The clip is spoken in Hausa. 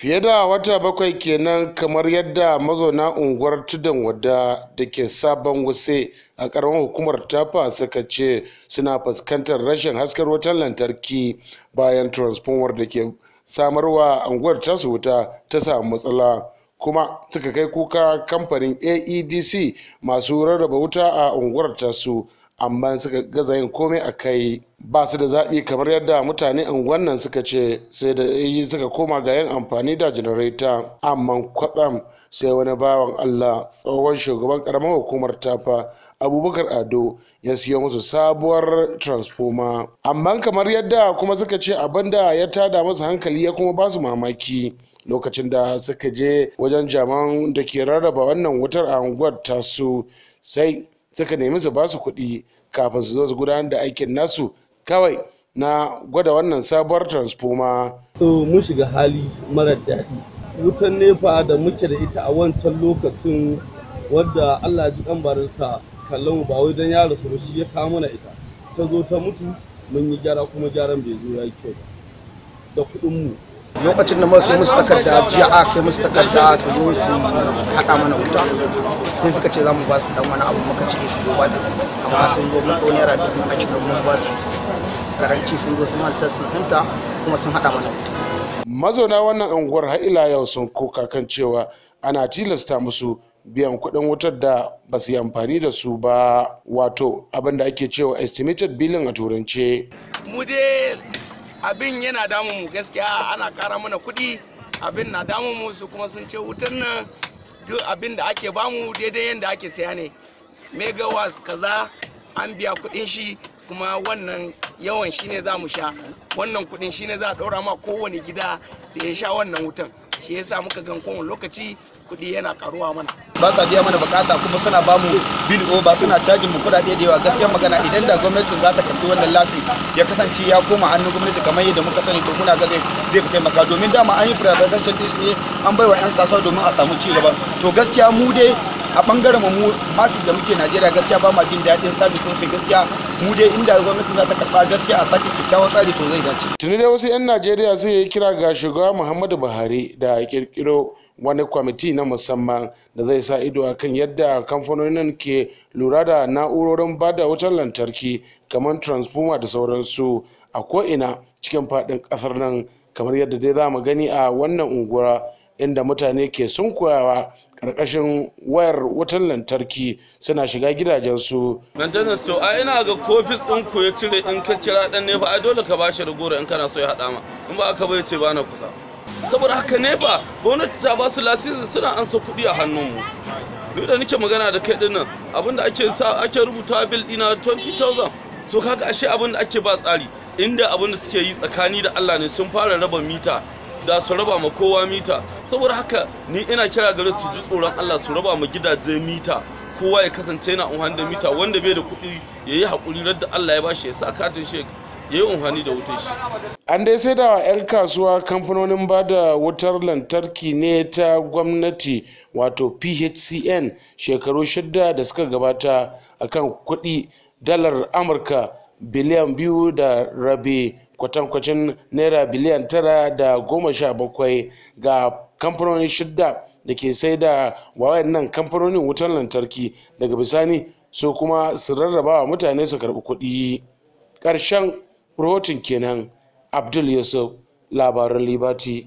Fiye da wata bakwai kenan kamar yadda mazauna unguwar Tudun wadda da ke Sabon Wuse a karamar hukumar Tafa suka ce suna fuskantar rashin hasken wutan lantarki bayan transformer da ke samarwa unguwar tasu wuta ta samu matsala. kuma suka kai kuka kamfanin aedc masu rarraba wuta a unguwar tasu amma suka gaza yin komai a kai ba su da zaɓi kamar yadda mutane unguwan nan suka ce sai da yi suka koma ga yin amfani da janareta amma kwatsam sai wani bawan allah tsohon shugaban karamar hukumar tafa abubakar ado ya siyo musu sabuwar transformer amma kamar yadda kuma suka ce abin da ya tada musu hankali ya kuma ba su mamaki lokacin da suka je wajen jaman da ke rarraba wannan wutar a unguwar tasu sai suka nemi su basu kuɗi kafin su zo su gudanar da aikin nasu kawai na gwada wannan sabuwar transfoma. so mun shiga hali marar daɗi wutan nefa da muke da ita a wancan lokacin wadda allah ji kan barinsa kallon ba wai don ya rasu shi ya kawo mana ita ta zo ta mutu mun yi gyara kuma gyaran bai zo ya yi kyau da kuɗin mu lokacin da muka kai musu takarda jiya a kai musu takarda su zo su hada mana wuta sai suka ce za mu ba su dan wani abu muka ce su duba da amma sun zo mun naira dubu ashirin mun ba su garanti sun zo su manta sun inta kuma sun hada mana wuta. mazauna wannan unguwar har ila yau sun koka kan cewa ana tilasta musu biyan kuɗin wutar da ba su yi amfani da su ba wato abin da ake cewa estimated billing a turance. abin yana damun mu gaskiya ana kara mana kuɗi abin na damun mu su kuma sun ce wutan nan duk abin da ake bamu daidai yadda ake saya ne megawas kaza an biya kuɗin shi kuma wannan yawan shi ne za mu sha wannan kuɗin ne za a ɗora ma kowane gida da ya sha wannan wutan shi yasa muka gan kowane lokaci kuɗi yana karuwa mana ba sa biya mana bukata kuma suna ba mu bil ba suna cajin mu kuɗaɗe da yawa gaskiyar magana idan da gwamnatin za ta karɓi wannan lasin ya kasance ya koma hannun gwamnati kamar yadda muka sani to muna ga zai fi taimaka domin dama an yi privatization ne an bai wa 'yan kasuwa domin a samu ci gaba to gaskiya mu dai a bangaren mu masu da muke najeriya gaskiya ba ma jin daɗin sabis ɗin gaskiya mu dai inda gwamnati za ta karɓa gaskiya a sake kyakkyawan tsari to zai dace. tuni dai wasu 'yan najeriya sai ya kira ga shugaba muhammadu buhari da kirkiro wani kwamiti na musamman da zai sa ido a kan yadda kamfanonin ke lura da na'urorin bada wutar lantarki kamar transformer da sauransu a ko ina cikin faɗin kasar nan kamar yadda dai za mu gani a wannan unguwa inda mutane ke sun sunkuyawa karkashin wayar wutan lantarki suna shiga gidajensu. maintenance to a ina ga kofis ɗin ku ya cire in ka kira ɗan nefa ai dole ka ba shi goro in kana so ya haɗa ma in ba aka bai ce ba kusa saboda haka nefa gwamnati ta ba su lasisi suna ansa kuɗi a hannunmu duk da nake magana da kai dinnan abinda ake sa ake rubuta bil dina 20,000 so kaga ashe abinda ake ba tsari inda abin da suke yi tsakani da Allah ne sun fara raba mita da su raba ma kowa mita saboda haka ni ina kira gare su ji tsoron Allah su raba ma gidaje mita kowa ya kasance yana unhan da mita wanda bai da kuɗi ya yi haƙuri da Allah ya bashi ya sa katin shek ya yi unhani da wutar shi. An dai sai da 'yan kasuwa kamfanonin ba da wutar lantarki ne ta gwamnati wato PHCN shekaru shida da suka gabata akan kuɗi dalar Amurka biliyan biyu da rabe kwatankwacin naira biliyan tara da goma sha bakwai ga kamfanonin shidda da ke sai da wawayen nan kamfanonin wutar lantarki daga bisani su kuma su rarraba wa mutane su karɓi kuɗi karshen rahoton kenan abdul yusuf labaran liberty